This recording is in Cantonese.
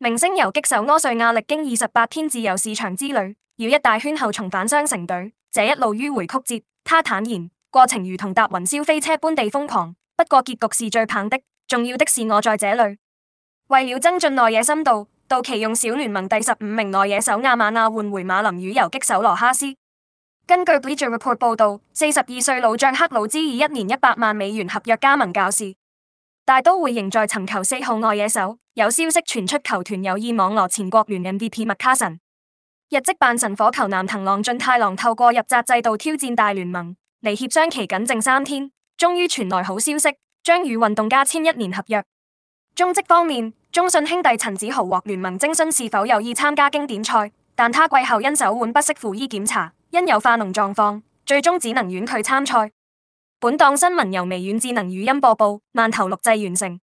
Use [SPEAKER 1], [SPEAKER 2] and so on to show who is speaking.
[SPEAKER 1] 明星游擊手柯瑞亞歷經二十八天自由市場之旅繞一大圈後重返雙城隊，這一路迂回曲折。他坦言過程如同搭雲霄飛車般地瘋狂，不過結局是最棒的。重要的是我在這裏。為了增進內野深度，道奇用小聯盟第十五名內野手亞馬亞換回馬林與游擊手羅哈斯。根據 Bleacher Report 報道，四十二歲老將克魯茲以一年一百萬美元合約加盟教士。大都會仍在尋求四號外野手，有消息傳出球團有意網羅前國聯 MVP 麥卡臣。日職棒神火球男藤浪俊太郎透過入閘制度挑戰大聯盟，離協商期僅剩三天，終於傳來好消息，將與運動家簽一年合約。中職方面，中信兄弟陳子豪獲聯盟徵詢是否有意參加經典賽，但他季後因手腕不適赴醫檢查，因有化膿狀況，最終只能婉拒參賽。本檔新聞由微軟智能語音播報，萬頭錄製完成。